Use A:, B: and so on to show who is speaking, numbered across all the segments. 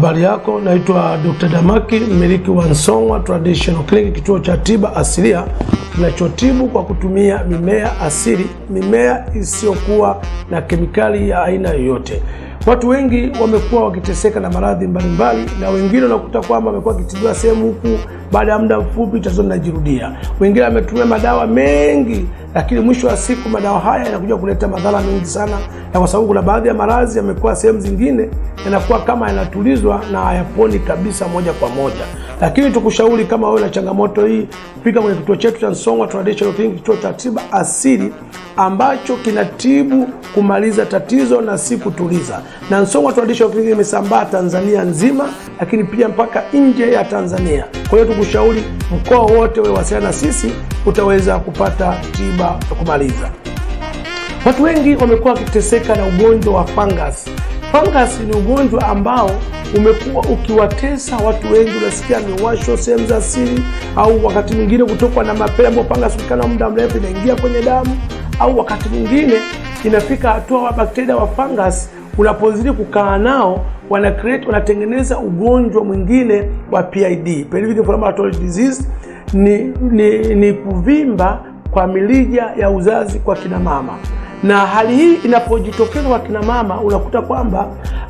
A: Habari yako, naitwa Dr. Damaki, mmiliki wa Song'wa Traditional Clinic, kituo cha tiba asilia kinachotibu kwa kutumia mimea asili, mimea isiyokuwa na kemikali ya aina yoyote. Watu wengi wamekuwa wakiteseka na maradhi mbalimbali, na wengine wanakuta kwamba wamekuwa wakitibiwa sehemu huku, baada ya muda mfupi tatizo linajirudia. Wengine wametumia madawa mengi lakini mwisho wa siku madawa haya yanakuja kuleta madhara mengi sana, na kwa sababu kuna baadhi ya maradhi yamekuwa sehemu zingine yanakuwa kama yanatulizwa na hayaponi kabisa moja kwa moja. Lakini tukushauri kama wewe na changamoto hii, fika kwenye kituo chetu cha Song'wa Traditional Clinic, kituo cha tiba asili ambacho kinatibu kumaliza tatizo na si kutuliza. Na Song'wa Traditional Clinic imesambaa Tanzania nzima, lakini pia mpaka nje ya Tanzania. Kwa hiyo tukushauri mkoa wote, wewe na sisi utaweza kupata tiba ya kumaliza. Watu wengi wamekuwa wakiteseka na ugonjwa wa fungus. Fungus ni ugonjwa ambao umekuwa ukiwatesa watu wengi. Unasikia miwasho sehemu za siri, au wakati mwingine kutokwa na mapele ambayo fungus ukikana muda mrefu inaingia kwenye damu, au wakati mwingine inafika hatua wa bakteria wa fungus unapozidi kukaa nao wana create, wanatengeneza ugonjwa mwingine wa PID, pelvic inflammatory disease ni, ni, ni kuvimba kwa milija ya uzazi kwa kina mama, na hali hii inapojitokeza kwa kina mama unakuta kwamba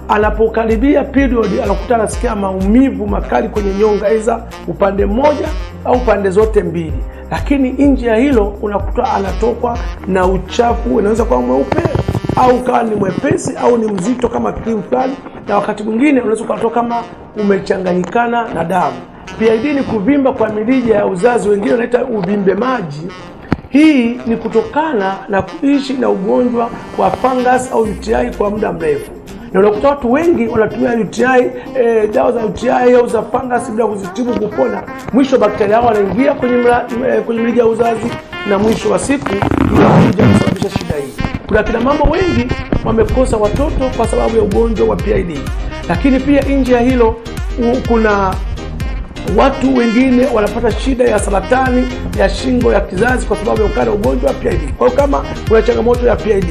A: anapokaribia period anakuta anasikia maumivu makali kwenye nyonga, iza upande mmoja au pande zote mbili. Lakini nje ya hilo unakuta anatokwa na uchafu, unaweza kuwa mweupe au ukawa ni mwepesi au ni mzito kama krimu fulani, na wakati mwingine unaweza ukatoka kama umechanganyikana na damu. PID ni kuvimba kwa mirija ya uzazi, wengine wanaita uvimbe maji. Hii ni kutokana na kuishi na ugonjwa wa fungus au UTI kwa muda mrefu, na unakuta watu wengi wanatumia UTI eh, dawa za UTI au za fungus bila kuzitibu kupona. Mwisho bakteria hao wanaingia kwenye eh, kwenye mirija ya uzazi, na mwisho wa siku inakuja kusababisha shida hii. Kuna kina mama wengi wamekosa watoto kwa sababu ya ugonjwa wa PID, lakini pia nje ya hilo kuna Watu wengine wanapata shida ya saratani ya shingo ya kizazi kwa sababu ya ukali wa ugonjwa wa PID. Kwa hiyo kama una changamoto ya PID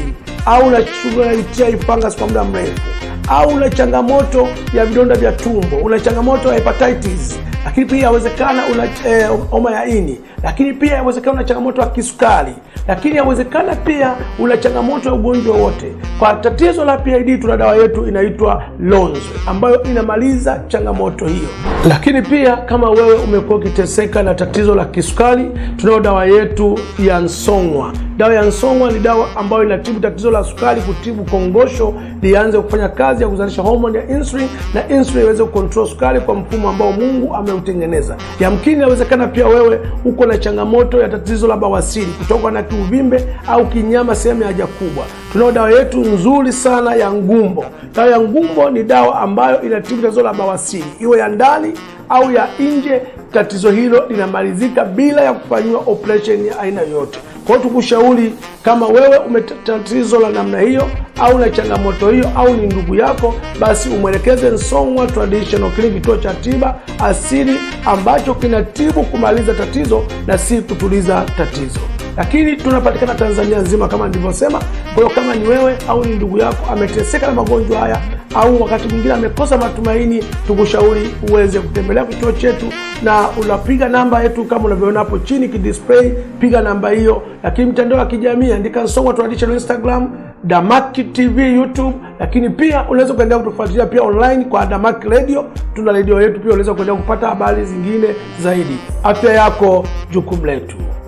A: au unashughulikia fungus kwa muda mrefu au una changamoto ya vidonda vya tumbo, una changamoto ya hepatitis lakini pia yawezekana una eh, homa eh, ya ini, lakini pia yawezekana una changamoto ya kisukari, lakini yawezekana pia una changamoto ya ugonjwa wote. Kwa tatizo la PID tuna dawa yetu inaitwa Lonze ambayo inamaliza changamoto hiyo. Lakini pia kama wewe umekuwa ukiteseka na tatizo la kisukari, tunayo dawa yetu ya Nsong'wa Dawa ya Song'wa ni dawa ambayo inatibu tatizo la sukari, kutibu kongosho lianze kufanya kazi ya kuzalisha homoni ya insulin, na insulin iweze kucontrol sukari kwa mfumo ambao Mungu ameutengeneza. Yamkini inawezekana pia wewe uko na changamoto ya tatizo la bawasiri, kutoka na kiuvimbe au kinyama sehemu ya haja kubwa. tunayo dawa yetu nzuri sana ya ngumbo. Dawa ya ngumbo ni dawa ambayo inatibu tatizo la bawasiri, iwe ya ndani au ya nje, tatizo hilo linamalizika bila ya kufanyiwa operation ya aina yoyote. Kwa hiyo tukushauri, kama wewe umetatizo la namna hiyo au na changamoto hiyo au ni ndugu yako, basi umwelekeze Song'wa Traditional Clinic, kituo cha tiba asili ambacho kinatibu kumaliza tatizo na si kutuliza tatizo. Lakini tunapatikana Tanzania nzima kama nilivyosema. Kwa hiyo kama ni wewe au ni ndugu yako ameteseka na magonjwa haya au wakati mwingine amekosa matumaini, tukushauri uweze kutembelea kituo chetu, na unapiga namba yetu kama unavyoona hapo chini kidisplay, piga namba hiyo. Lakini mtandao wa kijamii andika Song'wa Traditional Instagram, Damaki TV YouTube, lakini pia unaweza kuendelea kutufuatilia pia online kwa Damaki Radio. Tuna redio yetu pia, unaweza kuendelea kupata habari zingine zaidi. Afya yako jukumu letu.